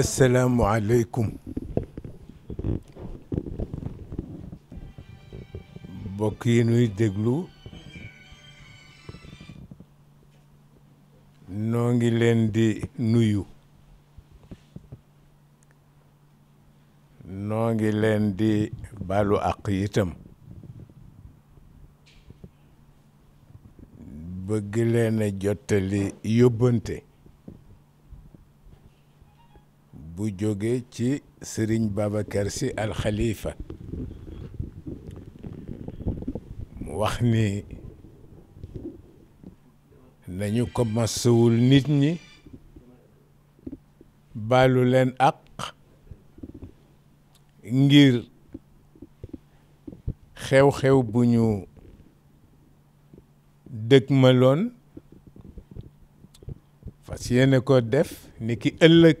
asalaamualeykum mbokk yi nuy déglu noo ngi leen di nuyu noo ngi leen di balu àq itam bëgg leen a jottali yóbbante bu jóge ci sëriñ Babacar Sy al mu wax ni nañu ko masawul nit ñi baalu leen àq ngir xew-xew bu ñu dëgmaloon fas yéene ko def ni ki ëllëg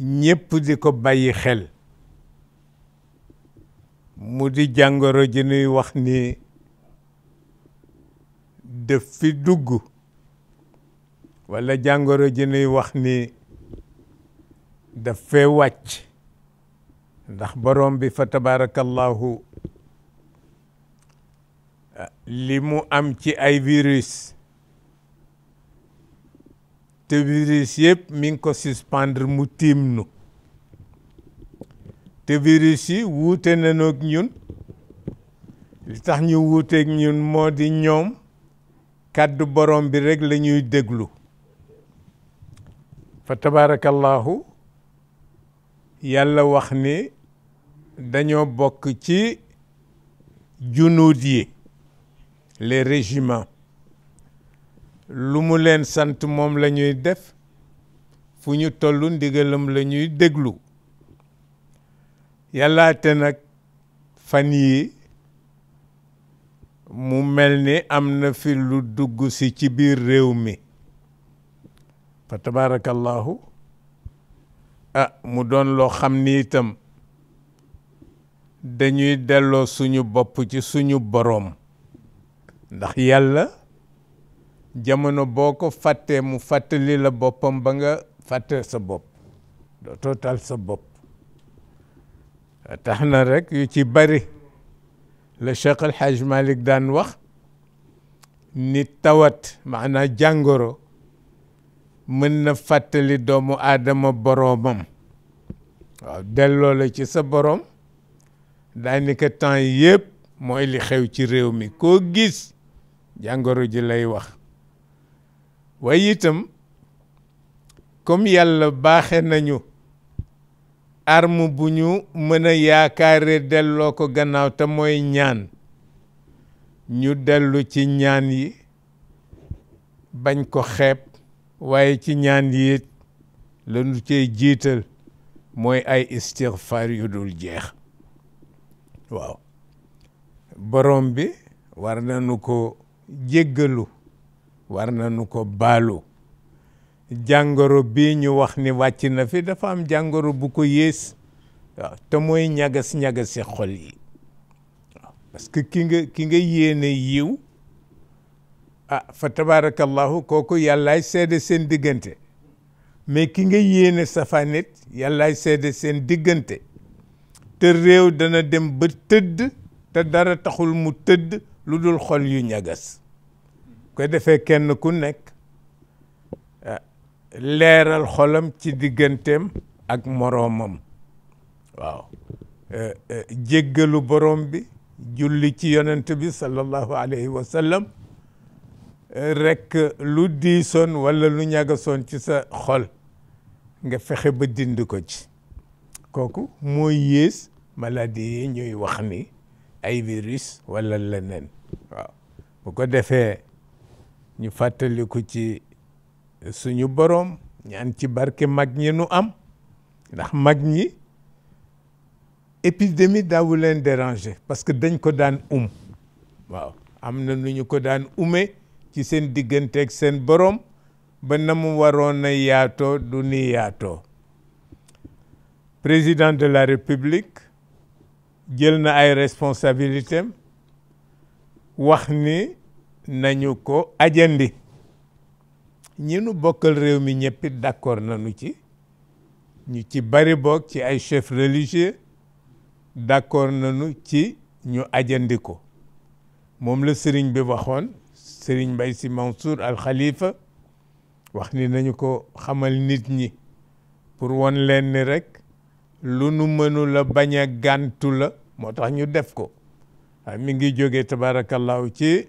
ñépp di ko bàyyi xel mu di jàngoro ji nuy wax ni def fi dugg walla jàngoro ji nuy wax ni daf fee wàcc ndax boroom bi fa tabaarakallahu ah, li mu am ci ay virus te virus yëpp mi ko suspendre mu tiim nu te virus yi wuute nanoog ñun li tax ñu wuuteeg ñun moo di ñoom kàddu borom bi rek lañuy déglu fa tabaarakallaahu yàlla wax ni dañoo bokk ci junuut yi les régiments lu mu leen sant moom lañuy def fu ñu tollu ndigalam la ñuy déglu yàllaate nag fan yii mu mel ni am na fi lu dugg si ci biir réew mi fa tabarakallahu ah mu doon loo xam ni itam dañuy delloo suñu bopp ci suñu boroom ndax yàlla jamono boo ko fàttee mu fàttali la boppam ba nga fàtte sa bopp dootoo tal sa bopp tax na rekk yu ci bari la Cheikh El Hadj daan wax ni tawat maanaa jàngoro mën na fàttali doomu aadama boroomam waaw delloo la ci sa boroom daanaka temps yëpp mooy li xew ci réew mi koo gis jàngoro ji lay wax waaye itam comme yàlla baaxe nañu arme bu ñu mën a yaakaare delloo ko gannaaw te mooy ñaan ñu dellu ci ñaan yi bañ ko xeeb waaye ci ñaan yi lañu cey jiital mooy ay istigfaar yu dul jeex waaw borom bi war nañu ko jéggalu war nañu ko baalu jàngoro bii ñu wax ni wàcc na fi dafa am jàngoro bu ko yées waaw te mooy ñagas-ñagasi xol yi parce que ki nga ki nga yéene yiw ah fa tabaarakallahu kooku yàllaay seede seen diggante mais ki nga yéene safaanit yàllaay seede seen diggante te réew dana dem ba tëdd te dara taxul mu tëdd lu dul xol yu ñagas ko defee kenn ku nekk leeral xolam ci digganteem ak moroomam waaw jéggalu borom bi julli ci yonent bi sallallahu alayhi wa sallam rek lu diisoon wala lu ñagasoon ci sa xol nga fexe ba dind ko ci kooku mooy yées maladie yi ñuy wax ni ay virus wala leneen waaw bu ko defee ñu fàttaliku ci suñu borom ñaan ci barke mag ñi nu am ndax mag ñi épidémie daawu leen déranger parce que dañ ko daan um waaw am na nu ñu ko daan ume ci seen digganteeg seen borom ba na mu waroon a yaatoo du président de la république jël na ay responsabilités wax ni nañu ko ajandi ñi nu bokkal réew mi ñëppit d'accord nañu ci ñu ci bari boog ci ay chef religieux d'accord nañu ci ñu ajandi ko moom la sëriñ bi waxoon sëriñ bay si Mansour al Khalifa wax ni nañu ko xamal nit ñi pour won leen ni rek lu nu mënula baña bañ gàntu la moo tax ñu def ko mi ngi jóge tabarakallahu ci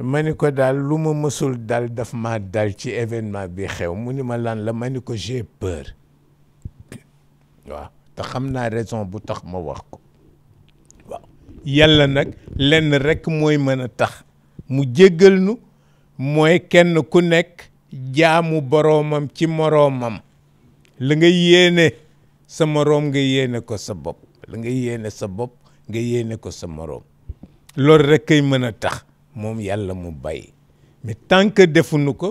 ma ni ko daal lu ma dal daf ma dal ci événement bi xew munima lan la ma ko j'ai peur wa ta xamna raison bu tax ma wax ko wa yàlla nak len rek moy meuna tax mu jéggal nu moy kenn ku nek jaamu boromam ci moromam la ngay yene sa morom nga yene ko sa bop la ngay yene sa bop nga yene ko sa morom lor rek kay meuna tax moom yàlla mu bàyyi mais tant que defuñu ko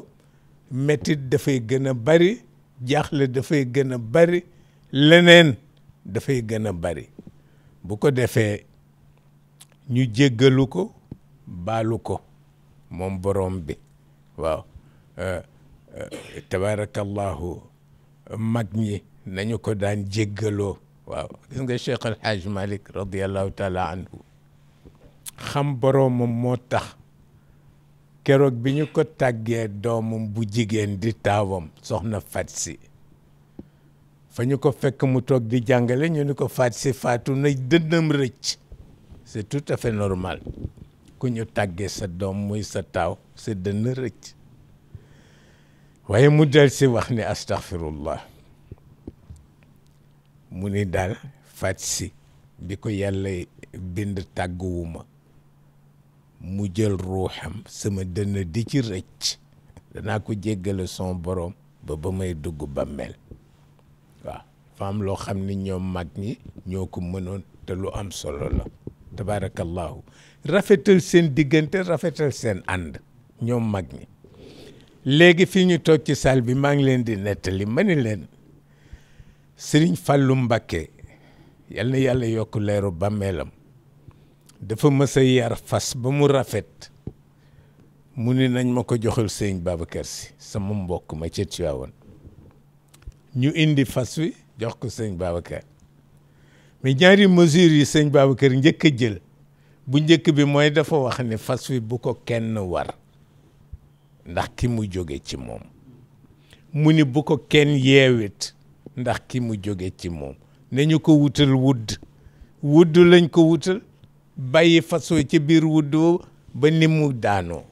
métit dafay gën a bari jaaxle dafay gën a bari leneen dafay gën a bari bu ko defee ñu jéggalu ko baalu ko moom borom bi waaw tabarakallahu mag ñi nañu ko daan jéggaloo waaw gis nga cheikh alhaaj malik radiallahu taala anhu xam boroomam moo tax keroog bi ñu ko tàggee doomam bu jigéen di taawam soxna fat si fa ñu ko fekk mu toog di jàngale ñu ni ko faat si faatu na dënnam rëcc c'est tout à fait normal ku ñu tàggee sa doom muy sa taaw sa dënn rëcc waaye mu del si wax ni astaghfirullah mu ni daal faat si bi ko yàlla bind tàgguwuma mu jël ruuxam sama dënn di ci rëcc danaa ko jéggale son borom ba may dugg bàmmeel waaw faam loo xam ni ñoom mag ñi ñoo ko mënoon te lu am solo la tabaarakallaahu rafetal seen diggante rafetal seen ànd ñoom mag ñi léegi fi ñu toog ci salle bi maa ngi leen di nettali ma ni leen sëriñ Fàllu Mbàkke yal na yàlla yokk leeru bàmmeelam dafa mës yar fas ba mu rafet mu ni nañ ma ko joxal sëñ Babacar si sama mbokk ma ca Tiwaawan ñu indi fas wi jox ko sëñ Babacar mais ñaari mesures yi sëñ Babacar njëkk a jël bu njëkk bi mooy dafa wax ni fas wi bu ko kenn war ndax ki mu jóge ci moom mu ni bu ko kenn yeewit ndax ki mu jóge ci moom nañu ko wutal wudd wudd lañ ko wutal bàyyi fas ci biir wuddoo ba ni mu daanoo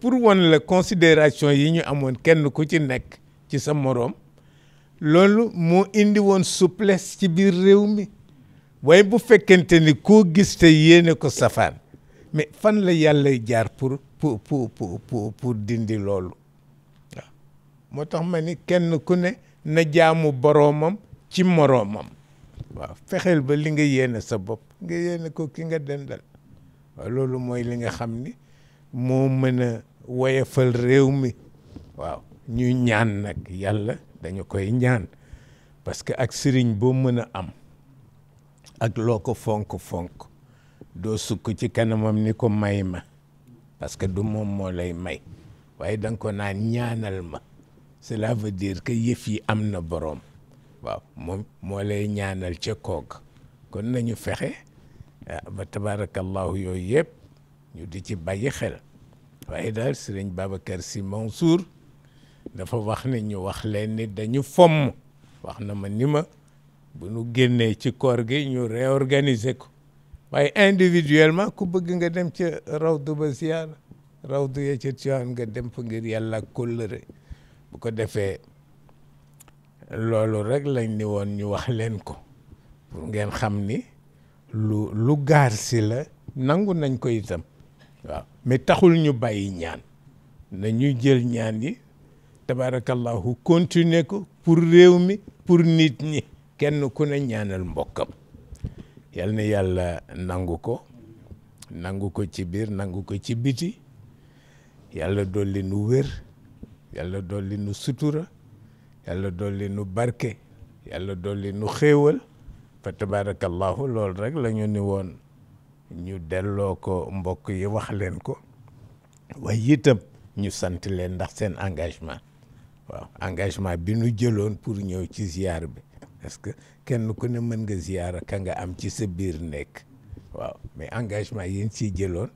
pour won la considération yi ñu amoon kenn ku ci nekk ci sa moroom loolu moo indi woon souplesse ci biir réew mi waaye bu fekkente ni koo gis te yéene ko safaan mais fan la yàlla jaar pour pour pour pour pour dindi loolu waaw moo tax ma ni kenn ku ne na jaamu boroomam ci moroomam waaw fexeel ba li nga yéene sa bopp nga yéene ko ki nga dendal waaw loolu mooy li nga xam ni moo mën a woyefal réew mi waaw ñuy ñaan nag yàlla dañu koy ñaan parce que ak sëriñ boo mën a am ak loo ko fonk-fonk doo sukk ci kanamam ni ko may ma parce que du moom moo lay may waaye da nga ko naan ñaanal ma cela veut dire que yëf am na boroom waaw moom moo lay ñaanal ca koog kon nañu fexe ah, ba tabarakallahu yooyu yëpp ñu di ci bàyyi xel waaye daal sëriñ Babacar Sy Mansour dafa wax ne ñu wax leen ni dañu fomm wax na ma ni ma bu nu génnee ci koor gi ñu réorganiser ko waaye individuellement ku bëgg nga dem ca rawdu ba ziyaar rawdu ya ca Tiwaawan nga dem fa ngir yàlla kóllëre bu ko defee loolu rekk lañ ni woon ñu wax leen ko pour ngeen xam ni lu lu gaar si la nangu nañ ko itam waaw mais taxul ñu bàyyi ñaan nañuy jël ñaan yi tabarakallahu continuer ko pour réew mi pour nit ñi kenn ku ne ñaanal mbokkam yal na yàlla nangu ko nangu ko ci biir nangu ko ci biti yàlla dolli nu wér yàlla dolli nu sutura yàlla dolli nu barke yàlla dolli nu xéewal fa tabarakallahu loolu rek la ñu ni woon ñu delloo ko mbokk yi wax leen ko waaye itam ñu sant leen ndax seen engagement waaw engagement bi nu jëloon pour ñëw ci ziar bi parce que kenn ku ne mën nga ziar ka nga am ci sa biir nekk waaw mais engagement yi si jëloon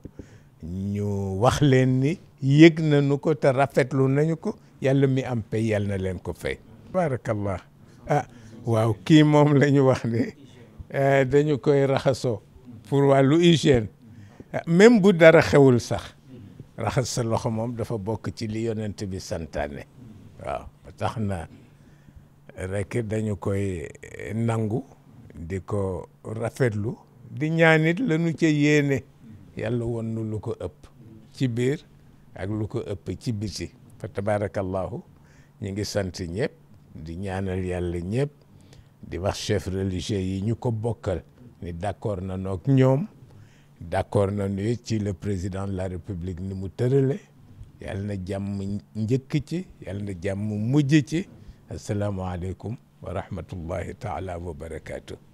ñu wax leen ni yéeg na nañu ko te rafetlu nañu ko yàlla mi am pay yàlla na leen ko fay barakallah ah waaw kii moom lañu wax ne eh, dañu koy raxasoo pour wàllu hygiène ah, même bu dara xewul sax raxas sa loxo moom dafa bokk ci li bi santaane waaw tax na rek dañu koy nangu di ko rafetlu di ñaanit lañu ci yéene yàlla won nu lu ko ëpp ci biir ak lu ko ëpp ci biti fa tabaarakallaahu ñu ngi sant ñëpp di ñaanal yàlla ñëpp di wax chef religieux yi ñu ko bokkal ni d'accord na noog ñoom d'accord na nu ci le président la république ni mu tërale yàlla na jàmm njëkk ci yàlla na jàmm mujj ci asalaamaaleykum wa rahmatullahi taala wa